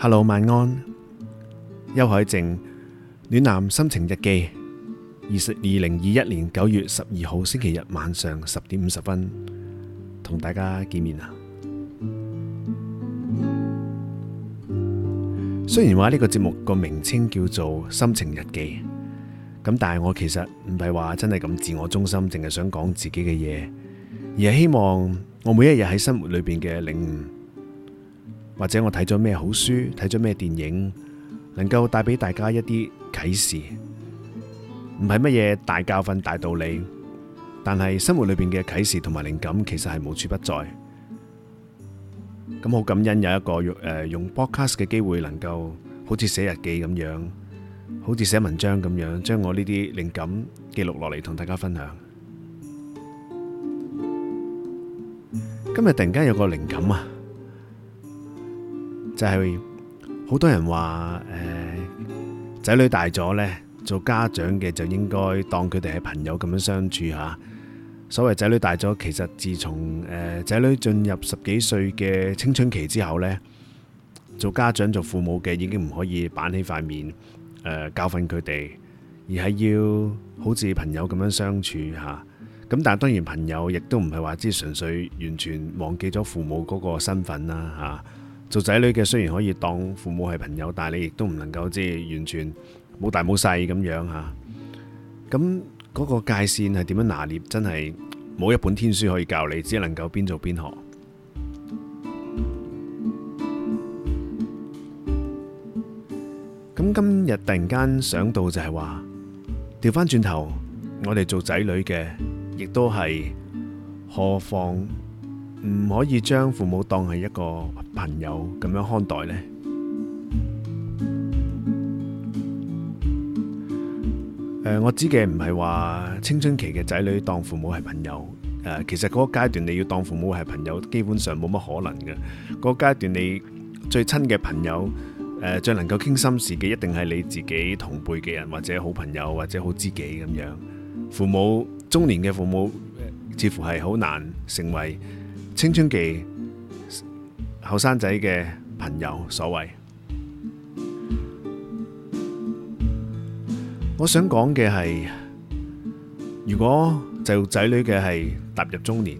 Hello，晚安，邱海靜，暖男心情日記，二十二零二一年九月十二號星期日晚上十點五十分，同大家見面啊！雖然話呢個節目個名稱叫做心情日記，咁但係我其實唔係話真係咁自我中心，淨係想講自己嘅嘢，而係希望我每一日喺生活裏邊嘅領悟，或者我睇咗咩好書、睇咗咩電影，能夠帶俾大家一啲啟示，唔係乜嘢大教訓、大道理，但係生活裏邊嘅啟示同埋靈感，其實係無處不在。咁好感恩有一個用誒用 broadcast 嘅機會，能夠好似寫日記咁樣，好似寫文章咁樣，將我呢啲靈感記錄落嚟，同大家分享。今日突然間有個靈感啊，就係好多人話誒仔女大咗呢，做家長嘅就應該當佢哋係朋友咁樣相處吓。所謂仔女大咗，其實自從誒仔女進入十幾歲嘅青春期之後呢，做家長做父母嘅已經唔可以板起塊面誒教訓佢哋，而係要好似朋友咁樣相處嚇。咁、啊、但係當然朋友亦都唔係話即係純粹完全忘記咗父母嗰個身份啦嚇、啊。做仔女嘅雖然可以當父母係朋友，但係你亦都唔能夠即係完全冇大冇細咁樣嚇。咁、啊啊嗰個界線係點樣拿捏？真係冇一本天書可以教你，只能夠邊做邊學。咁今日突然間想到就係話，調翻轉頭，我哋做仔女嘅，亦都係何況唔可以將父母當係一個朋友咁樣看待呢？」誒，我知嘅唔係話青春期嘅仔女當父母係朋友，誒，其實嗰個階段你要當父母係朋友，基本上冇乜可能嘅。嗰階段你最親嘅朋友，誒，最能夠傾心事嘅一定係你自己同輩嘅人，或者好朋友，或者好知己咁樣。父母，中年嘅父母，父母似乎係好難成為青春期後生仔嘅朋友所謂。我想講嘅係，如果就仔女嘅係踏入中年，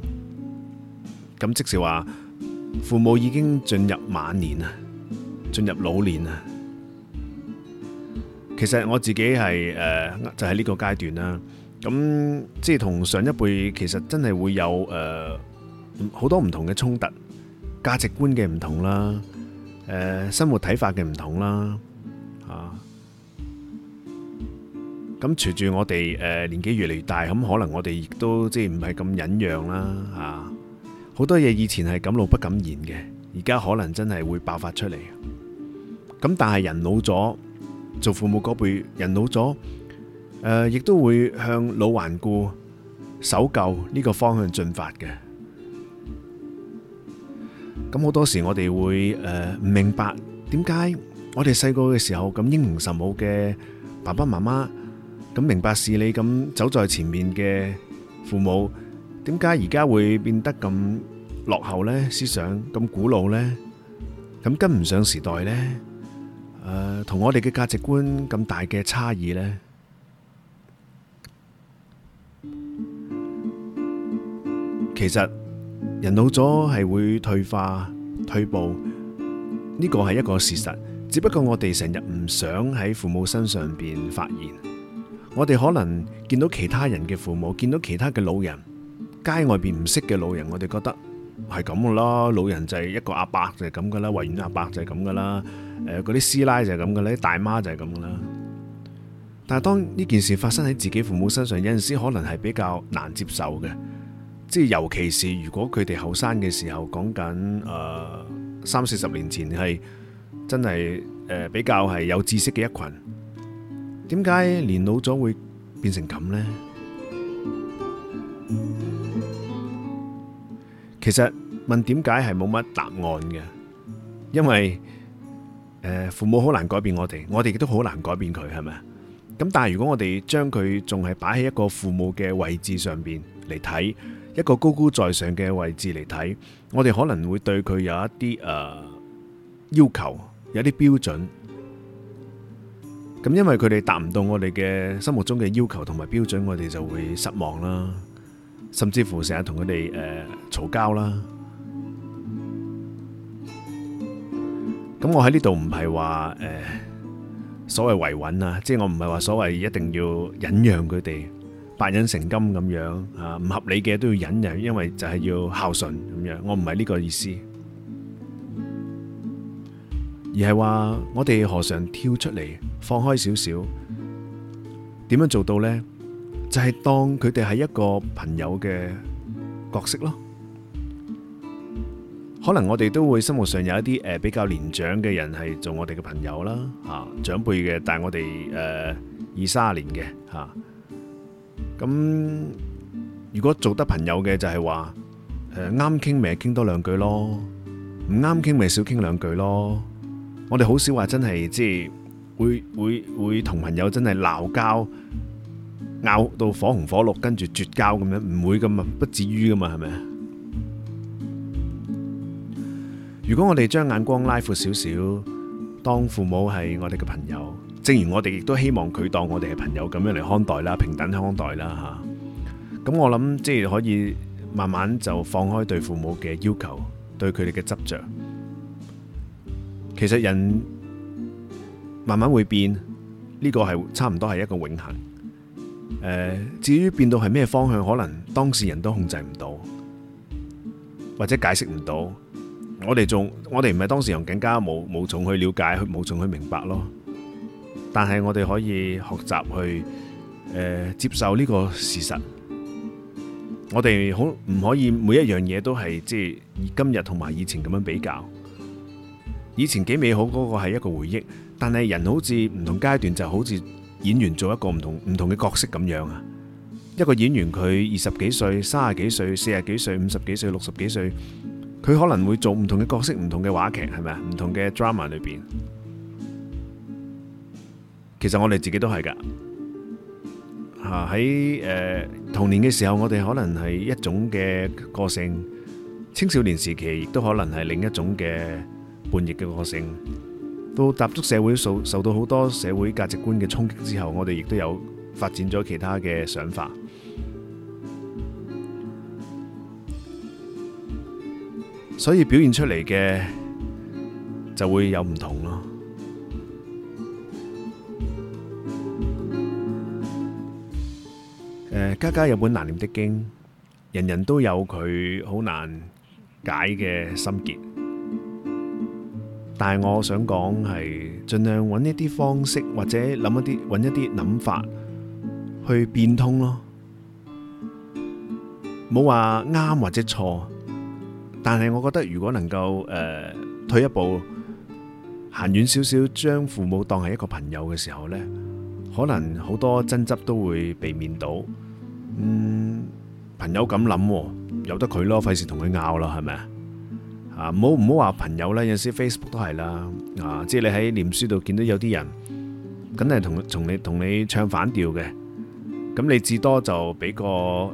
咁即是話父母已經進入晚年啦，進入老年啦。其實我自己係誒、呃、就喺、是、呢個階段啦，咁即係同上一輩其實真係會有誒好、呃、多唔同嘅衝突，價值觀嘅唔同啦，誒、呃、生活睇法嘅唔同啦，啊。咁隨住我哋誒年紀越嚟越大，咁可能我哋亦都即係唔係咁忍讓啦。吓，好多嘢以前係敢怒不敢言嘅，而家可能真係會爆發出嚟。咁但係人老咗，做父母嗰輩人老咗，誒亦都會向老頑固、守舊呢個方向進發嘅。咁好多時我哋會誒唔明白，點解我哋細個嘅時候咁英明神武嘅爸爸媽媽？咁明白是你咁走在前面嘅父母，點解而家會變得咁落後呢？思想咁古老呢？咁跟唔上時代呢？誒、呃，同我哋嘅價值觀咁大嘅差異呢？其實人老咗係會退化、退步，呢個係一個事實。只不過我哋成日唔想喺父母身上邊發現。我哋可能見到其他人嘅父母，見到其他嘅老人，街外邊唔識嘅老人，我哋覺得係咁嘅啦，老人就係一個阿伯就係咁噶啦，維園阿伯就係咁噶啦，誒嗰啲師奶就係咁噶啦，啲大媽就係咁噶啦。但係當呢件事發生喺自己父母身上，有陣時可能係比較難接受嘅，即係尤其是如果佢哋後生嘅時候講緊誒三四十年前係真係誒、呃、比較係有知識嘅一群。點解年老咗會變成咁呢？其實問點解係冇乜答案嘅，因為誒父母好難改變我哋，我哋亦都好難改變佢，係咪啊？咁但係如果我哋將佢仲係擺喺一個父母嘅位置上邊嚟睇，一個高高在上嘅位置嚟睇，我哋可能會對佢有一啲誒要求，有啲標準。咁因為佢哋達唔到我哋嘅心目中嘅要求同埋標準，我哋就會失望啦，甚至乎成日同佢哋誒嘈交啦。咁我喺呢度唔係話誒所謂維穩啊，即係我唔係話所謂一定要忍讓佢哋，百忍成金咁樣啊，唔合理嘅都要忍讓，因為就係要孝順咁樣，我唔係呢個意思。而係話，我哋何嘗跳出嚟，放開少少，點樣做到呢？就係、是、當佢哋係一個朋友嘅角色咯。可能我哋都會生活上有一啲誒、呃、比較年長嘅人係做我哋嘅朋友啦，嚇、啊、長輩嘅，但係我哋誒、呃、二三十年嘅嚇。咁、啊啊、如果做得朋友嘅，呃、就係話誒啱傾咪傾多兩句咯，唔啱傾咪少傾兩句咯。我哋好少話真係，即係會會會同朋友真係鬧交，拗到火紅火綠，跟住絕交咁樣，唔會噶嘛，不至於噶嘛，係咪？如果我哋將眼光拉闊少少，當父母係我哋嘅朋友，正如我哋亦都希望佢當我哋嘅朋友咁樣嚟看待啦，平等看待啦，吓。咁我諗即係可以慢慢就放開對父母嘅要求，對佢哋嘅執着。其實人慢慢會變，呢、這個係差唔多係一個永恒。誒、呃，至於變到係咩方向，可能當事人都控制唔到，或者解釋唔到。我哋仲，我哋唔係當事人，更加冇冇從去了解，冇從去明白咯。但係我哋可以學習去，誒、呃，接受呢個事實。我哋好唔可以每一樣嘢都係即係今日同埋以前咁樣比較。以前幾美好嗰個係一個回憶，但係人好似唔同階段就好似演員做一個唔同唔同嘅角色咁樣啊。一個演員佢二十幾歲、三十幾歲、四十幾歲、五十幾歲、六十幾歲，佢可能會做唔同嘅角色、唔同嘅話劇，係咪啊？唔同嘅 drama 裏邊，其實我哋自己都係噶嚇，喺誒童年嘅時候，我哋可能係一種嘅個性；青少年時期亦都可能係另一種嘅。叛逆嘅個性，到踏足社會受受到好多社會價值觀嘅衝擊之後，我哋亦都有發展咗其他嘅想法，所以表現出嚟嘅就會有唔同咯。呃，家家有本難念的經，人人都有佢好難解嘅心結。但係我想講係盡量搵一啲方式，或者諗一啲搵一啲諗法去變通咯，冇話啱或者錯。但係我覺得如果能夠誒、呃、退一步行遠少少，將父母當係一個朋友嘅時候呢，可能好多爭執都會避免到。嗯，朋友咁諗，由得佢咯，費事同佢拗啦，係咪？啊，唔好唔好話朋友啦，有時 Facebook 都係啦，啊，即係你喺臉書度見到有啲人，梗係同同你同你唱反調嘅，咁你至多就俾個嬲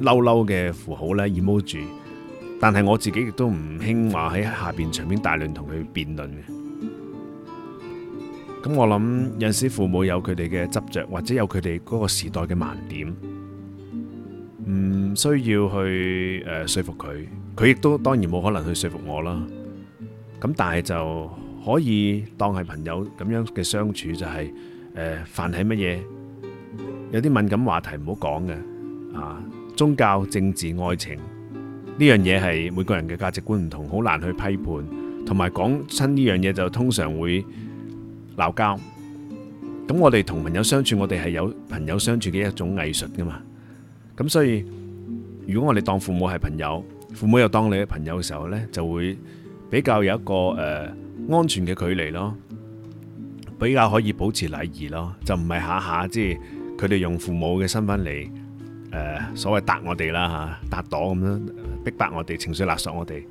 嬲嘅符號咧 emoji，但係我自己亦都唔興話喺下邊長篇大論同佢辯論嘅。咁我諗有時父母有佢哋嘅執着，或者有佢哋嗰個時代嘅盲點，唔、嗯、需要去誒、呃、說服佢。佢亦都當然冇可能去說服我啦，咁但係就可以當係朋友咁樣嘅相處，就係誒，凡係乜嘢有啲敏感話題唔好講嘅啊，宗教、政治、愛情呢樣嘢係每個人嘅價值觀唔同，好難去批判，同埋講親呢樣嘢就通常會鬧交。咁我哋同朋友相處，我哋係有朋友相處嘅一種藝術㗎嘛。咁所以如果我哋當父母係朋友，父母又當你嘅朋友嘅時候呢，就會比較有一個誒、呃、安全嘅距離咯，比較可以保持禮儀咯，就唔係下下即係佢哋用父母嘅身份嚟誒所謂搭我哋啦嚇，搭檔咁樣逼迫我哋，情緒勒索我哋。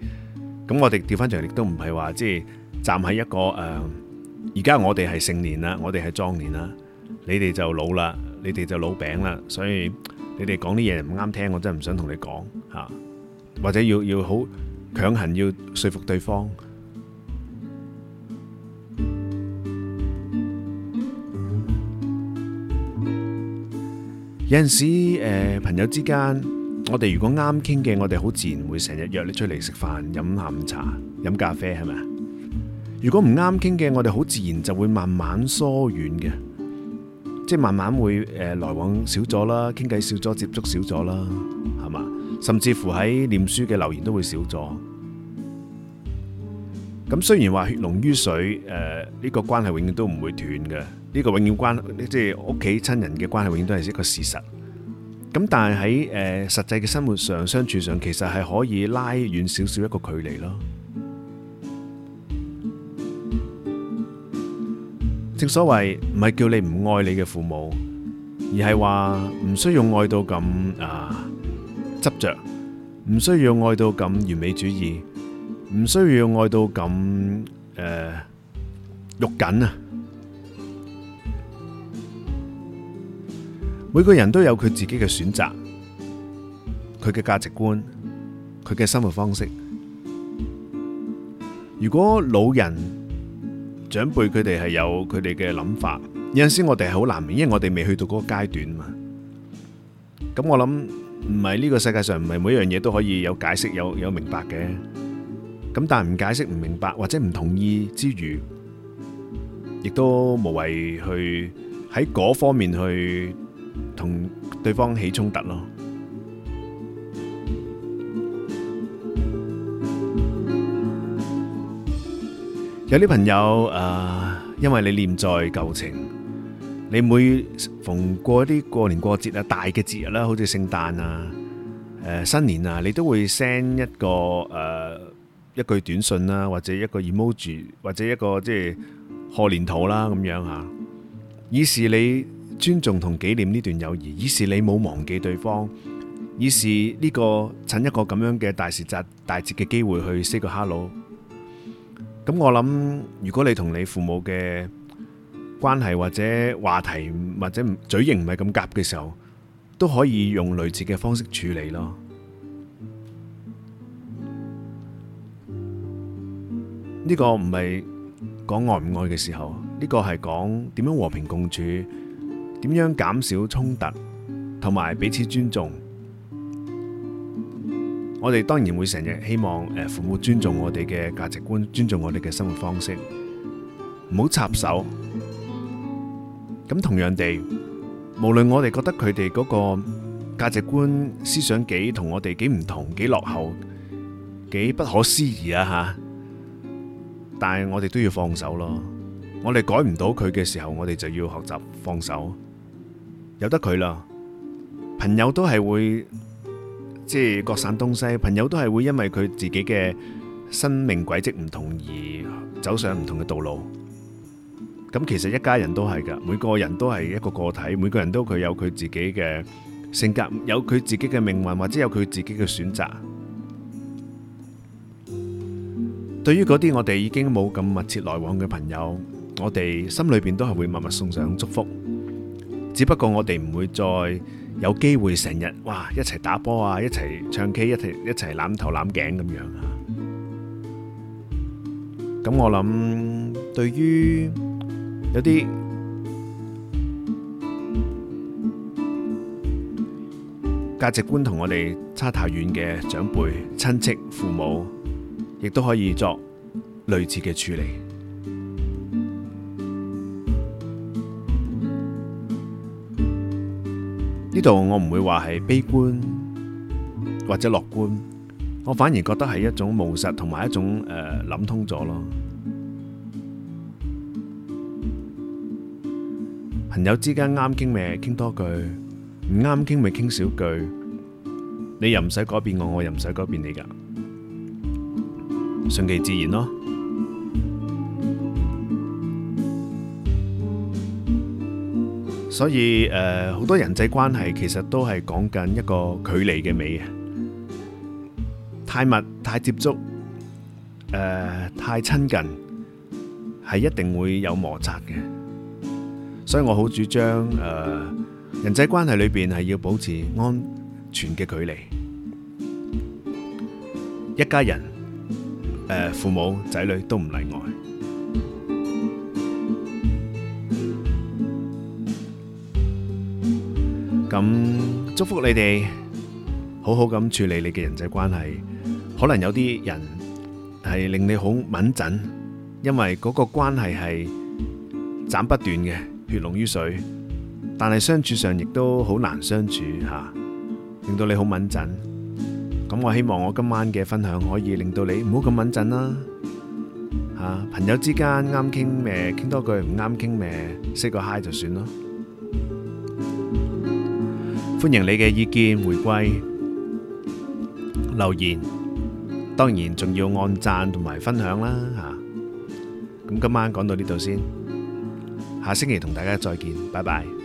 咁我哋調翻轉嚟亦都唔係話即係站喺一個誒，而家我哋係成年啦，我哋係壯年啦，你哋就老啦，你哋就老餅啦，所以你哋講啲嘢唔啱聽，我真係唔想同你講嚇。啊或者要要好強行要說服對方，有陣時，誒、朋友之間，我哋如果啱傾嘅，我哋好自然會成日約你出嚟食飯、飲下午茶、飲咖啡，係咪啊？如果唔啱傾嘅，我哋好自然就會慢慢疏遠嘅，即係慢慢會誒來往少咗啦，傾偈少咗，接觸少咗啦，係嘛？甚至乎喺念書嘅留言都會少咗。咁雖然話血濃於水，誒、呃、呢、這個關係永遠都唔會斷嘅，呢、這個永遠關即係屋企親人嘅關係永遠都係一個事實。咁但係喺誒實際嘅生活上相處上，其實係可以拉遠少少一個距離咯。正所謂唔係叫你唔愛你嘅父母，而係話唔需要用愛到咁啊。執着唔需要愛到咁完美主義，唔需要愛到咁誒肉緊啊！每個人都有佢自己嘅選擇，佢嘅價值觀，佢嘅生活方式。如果老人長輩佢哋係有佢哋嘅諗法，有陣時我哋係好難明，因為我哋未去到嗰個階段嘛。咁我諗。唔係，呢個世界上唔係每樣嘢都可以有解釋有有明白嘅。咁但係唔解釋、唔明白或者唔同意之餘，亦都無謂去喺嗰方面去同對方起衝突咯。有啲朋友誒，因為你念在舊情。你每逢過一啲過年過節啊，大嘅節日啦，好似聖誕啊、誒、呃、新年啊，你都會 send 一個誒、呃、一句短信啦，或者一個 emoji，或者一個即係賀年圖啦咁樣吓。以示你尊重同紀念呢段友誼，以示你冇忘記對方，以示呢、這個趁一個咁樣嘅大時、大節嘅機會去 say 個 hello。咁我諗，如果你同你父母嘅，關係或者話題或者嘴型唔係咁夾嘅時候，都可以用類似嘅方式處理咯。呢個唔係講愛唔愛嘅時候，呢個係講點樣和平共處，點樣減少衝突，同埋彼此尊重。我哋當然會成日希望誒，父母尊重我哋嘅價值觀，尊重我哋嘅生活方式，唔好插手。咁同樣地，無論我哋覺得佢哋嗰個價值觀、思想幾同我哋幾唔同、幾落後、幾不可思議啊吓，但係我哋都要放手咯。我哋改唔到佢嘅時候，我哋就要學習放手，由得佢啦。朋友都係會即係各散東西，朋友都係會因為佢自己嘅生命軌跡唔同而走上唔同嘅道路。咁其實一家人都係㗎，每個人都係一個個體，每個人都佢有佢自己嘅性格，有佢自己嘅命運，或者有佢自己嘅選擇。對於嗰啲我哋已經冇咁密切來往嘅朋友，我哋心裏面都係會默默送上祝福。只不過我哋唔會再有機會成日哇一齊打波啊，一齊唱 K，一齊一齊攬頭攬頸咁樣啊。咁我諗對於有啲價值觀同我哋差太遠嘅長輩、親戚、父母，亦都可以作類似嘅處理。呢度我唔會話係悲觀或者樂觀，我反而覺得係一種務實同埋一種誒諗通咗咯。朋友之間啱傾咩傾多句，唔啱傾咪傾少句，你又唔使改變我，我又唔使改變你㗎，順其自然咯。所以誒，好多人際關係其實都係講緊一個距離嘅美嘅，太密太接觸，誒太親近，係一定會有摩擦嘅。所以我好主張誒，人際關係裏邊係要保持安全嘅距離。一家人誒，父母仔女都唔例外。咁祝福你哋，好好咁處理你嘅人際關係。可能有啲人係令你好敏陣，因為嗰個關係係斬不斷嘅。血濃於水，但係相處上亦都好難相處吓，令到你好敏感。咁我希望我今晚嘅分享可以令到你唔好咁敏感啦。吓，朋友之間啱傾咩，傾多句；唔啱傾咩，識個 hi 就算咯。歡迎你嘅意見回歸、留言，當然仲要按讚同埋分享啦。吓，咁今晚講到呢度先。下星期同大家再見，拜拜。